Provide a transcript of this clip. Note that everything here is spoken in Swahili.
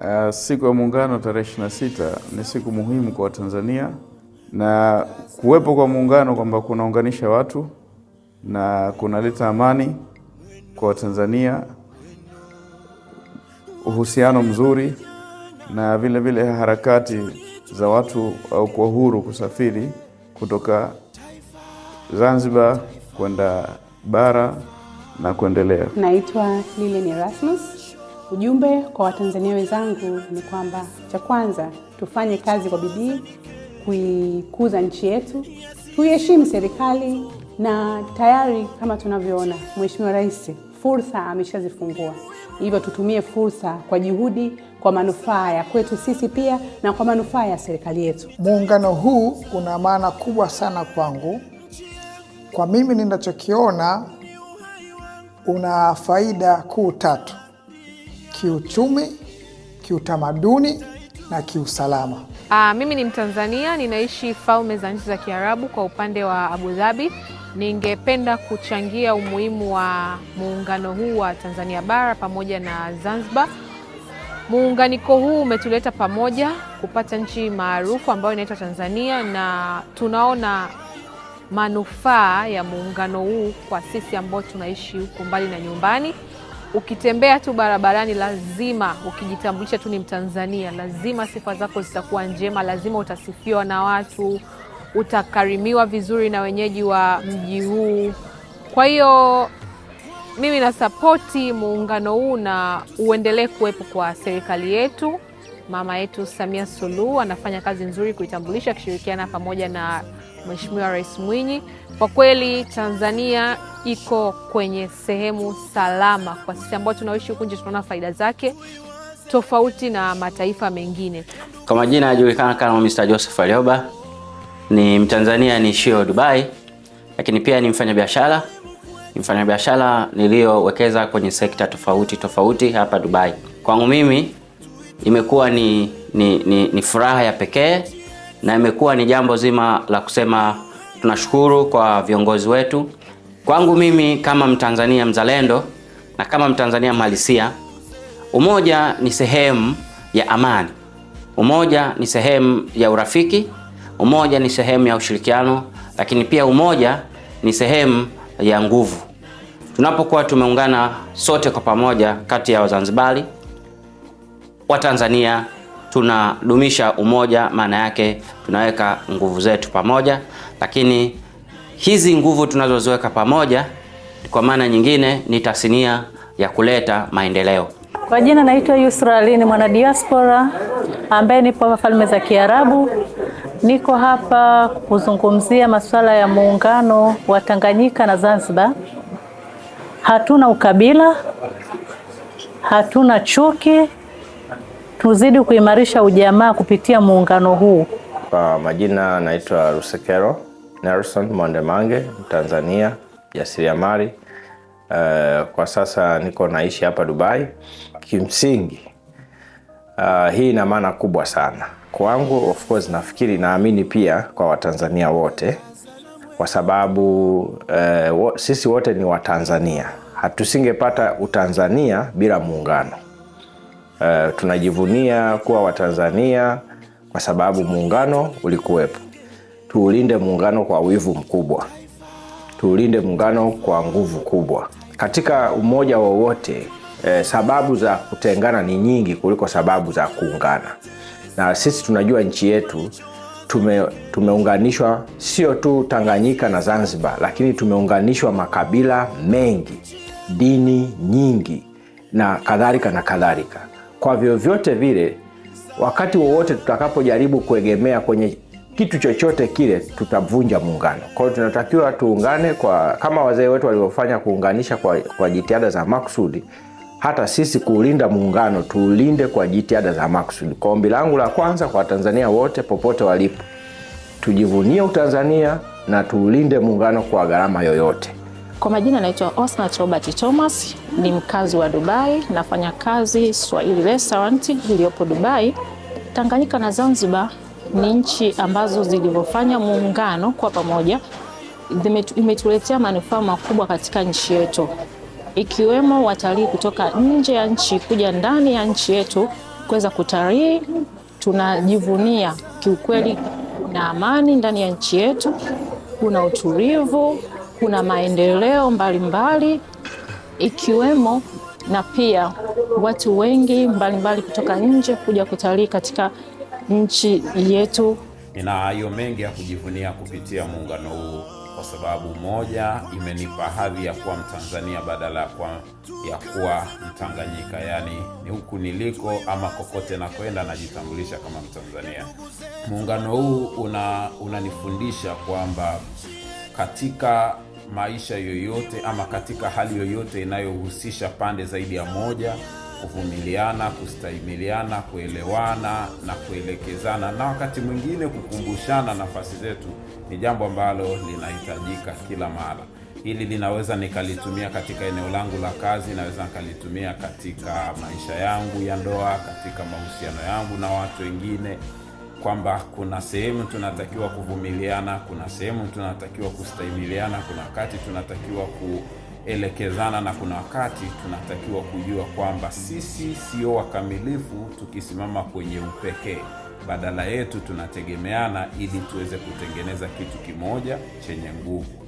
Uh, siku ya Muungano tarehe 26 ni siku muhimu kwa Watanzania na kuwepo kwa Muungano kwamba kunaunganisha watu na kunaleta amani kwa Watanzania, uhusiano mzuri na vile vile harakati za watu au kwa uhuru kusafiri kutoka Zanzibar kwenda bara na kuendelea. Naitwa Lilian Erasmus Ujumbe kwa Watanzania wenzangu ni kwamba cha kwanza, tufanye kazi kwa bidii kuikuza nchi yetu, tuiheshimu serikali, na tayari kama tunavyoona Mheshimiwa Rais fursa ameshazifungua, hivyo tutumie fursa kwa juhudi, kwa manufaa ya kwetu sisi pia na kwa manufaa ya serikali yetu. Muungano huu una maana kubwa sana kwangu. Kwa mimi ninachokiona, una faida kuu tatu kiuchumi, kiutamaduni na kiusalama. Aa, ah, mimi ni Mtanzania ninaishi Falme za nchi za Kiarabu kwa upande wa Abu Dhabi. Ningependa kuchangia umuhimu wa muungano huu wa Tanzania bara pamoja na Zanzibar. Muunganiko huu umetuleta pamoja kupata nchi maarufu ambayo inaitwa Tanzania na tunaona manufaa ya muungano huu kwa sisi ambao tunaishi huko mbali na nyumbani ukitembea tu barabarani, lazima ukijitambulisha tu ni Mtanzania, lazima sifa zako zitakuwa njema, lazima utasifiwa na watu, utakarimiwa vizuri na wenyeji wa mji huu. Kwa hiyo mimi nasapoti muungano huu na uendelee kuwepo kwa serikali yetu. Mama yetu Samia Suluhu anafanya kazi nzuri kuitambulisha, akishirikiana pamoja na Mheshimiwa Rais Mwinyi. Kwa kweli Tanzania iko kwenye sehemu salama. Kwa sisi ambao tunaishi huku nje, tunaona faida zake tofauti na mataifa mengine. Kwa majina yanajulikana kama Mr. Joseph Alioba, ni Mtanzania niishio Dubai, lakini pia ni mfanyabiashara mfanyabiashara niliyowekeza kwenye sekta tofauti tofauti hapa Dubai. Kwangu mimi imekuwa ni, ni, ni, ni furaha ya pekee na imekuwa ni jambo zima la kusema tunashukuru kwa viongozi wetu. Kwangu mimi kama Mtanzania mzalendo na kama Mtanzania mhalisia, umoja ni sehemu ya amani, umoja ni sehemu ya urafiki, umoja ni sehemu ya ushirikiano, lakini pia umoja ni sehemu ya nguvu. Tunapokuwa tumeungana sote kwa pamoja, kati ya Wazanzibari, Watanzania tunadumisha umoja, maana yake tunaweka nguvu zetu pamoja, lakini hizi nguvu tunazoziweka pamoja kwa maana nyingine ni tasnia ya kuleta maendeleo. Kwa jina naitwa Yusra Ali, ni mwana diaspora ambaye nipo Falme za Kiarabu. Niko hapa kuzungumzia masuala ya muungano wa Tanganyika na Zanzibar. Hatuna ukabila, hatuna chuki tuzidi kuimarisha ujamaa kupitia muungano huu. Kwa majina naitwa Rusekero Nelson mwandemange Tanzania, jasiriamali. Uh, kwa sasa niko naishi hapa Dubai. Kimsingi uh, hii ina maana kubwa sana kwangu, of course nafikiri, naamini pia kwa Watanzania wote, kwa sababu uh, sisi wote ni Watanzania. Hatusingepata utanzania bila muungano. Uh, tunajivunia kuwa Watanzania kwa sababu muungano ulikuwepo. Tuulinde muungano kwa wivu mkubwa, tuulinde muungano kwa nguvu kubwa. Katika umoja wowote eh, sababu za kutengana ni nyingi kuliko sababu za kuungana, na sisi tunajua nchi yetu tume, tumeunganishwa sio tu Tanganyika na Zanzibar, lakini tumeunganishwa makabila mengi, dini nyingi na kadhalika na kadhalika kwa vyovyote vile, wakati wowote tutakapojaribu kuegemea kwenye kitu chochote kile tutavunja muungano. Kwa hiyo tunatakiwa tuungane kwa kama wazee wetu walivyofanya kuunganisha kwa, kwa jitihada za makusudi. Hata sisi kuulinda muungano tuulinde kwa jitihada za makusudi. Kwa ombi langu la kwanza kwa Watanzania wote popote walipo, tujivunie Utanzania na tuulinde muungano kwa gharama yoyote. Kwa majina naitwa Osnat Robert Thomas, ni mkazi wa Dubai, nafanya kazi Swahili Restaurant iliyopo Dubai. Tanganyika na Zanzibar ni nchi ambazo zilivyofanya muungano kwa pamoja imetuletea manufaa makubwa katika nchi yetu, ikiwemo watalii kutoka nje ya nchi kuja ndani ya nchi yetu kuweza kutalii. Tunajivunia kiukweli, kuna amani ndani ya nchi yetu, kuna utulivu kuna maendeleo mbalimbali mbali, ikiwemo na pia watu wengi mbalimbali mbali kutoka nje kuja kutalii katika nchi yetu. hayo mengi ya kujivunia kupitia muungano huu kwa sababu moja, imenipa hadhi ya kuwa Mtanzania badala ya kuwa, ya kuwa Mtanganyika. Yaani ni huku niliko ama kokote na kwenda najitambulisha kama Mtanzania. Muungano huu unanifundisha una kwamba katika maisha yoyote ama katika hali yoyote inayohusisha pande zaidi ya moja, kuvumiliana, kustahimiliana, kuelewana na kuelekezana, na wakati mwingine kukumbushana nafasi zetu, ni jambo ambalo linahitajika kila mara. Hili linaweza nikalitumia katika eneo langu la kazi, naweza nikalitumia katika maisha yangu ya ndoa, katika mahusiano yangu na watu wengine kwamba kuna sehemu tunatakiwa kuvumiliana, kuna sehemu tunatakiwa kustahimiliana, kuna wakati tunatakiwa kuelekezana, na kuna wakati tunatakiwa kujua kwamba sisi sio wakamilifu tukisimama kwenye upekee. Badala yetu tunategemeana ili tuweze kutengeneza kitu kimoja chenye nguvu.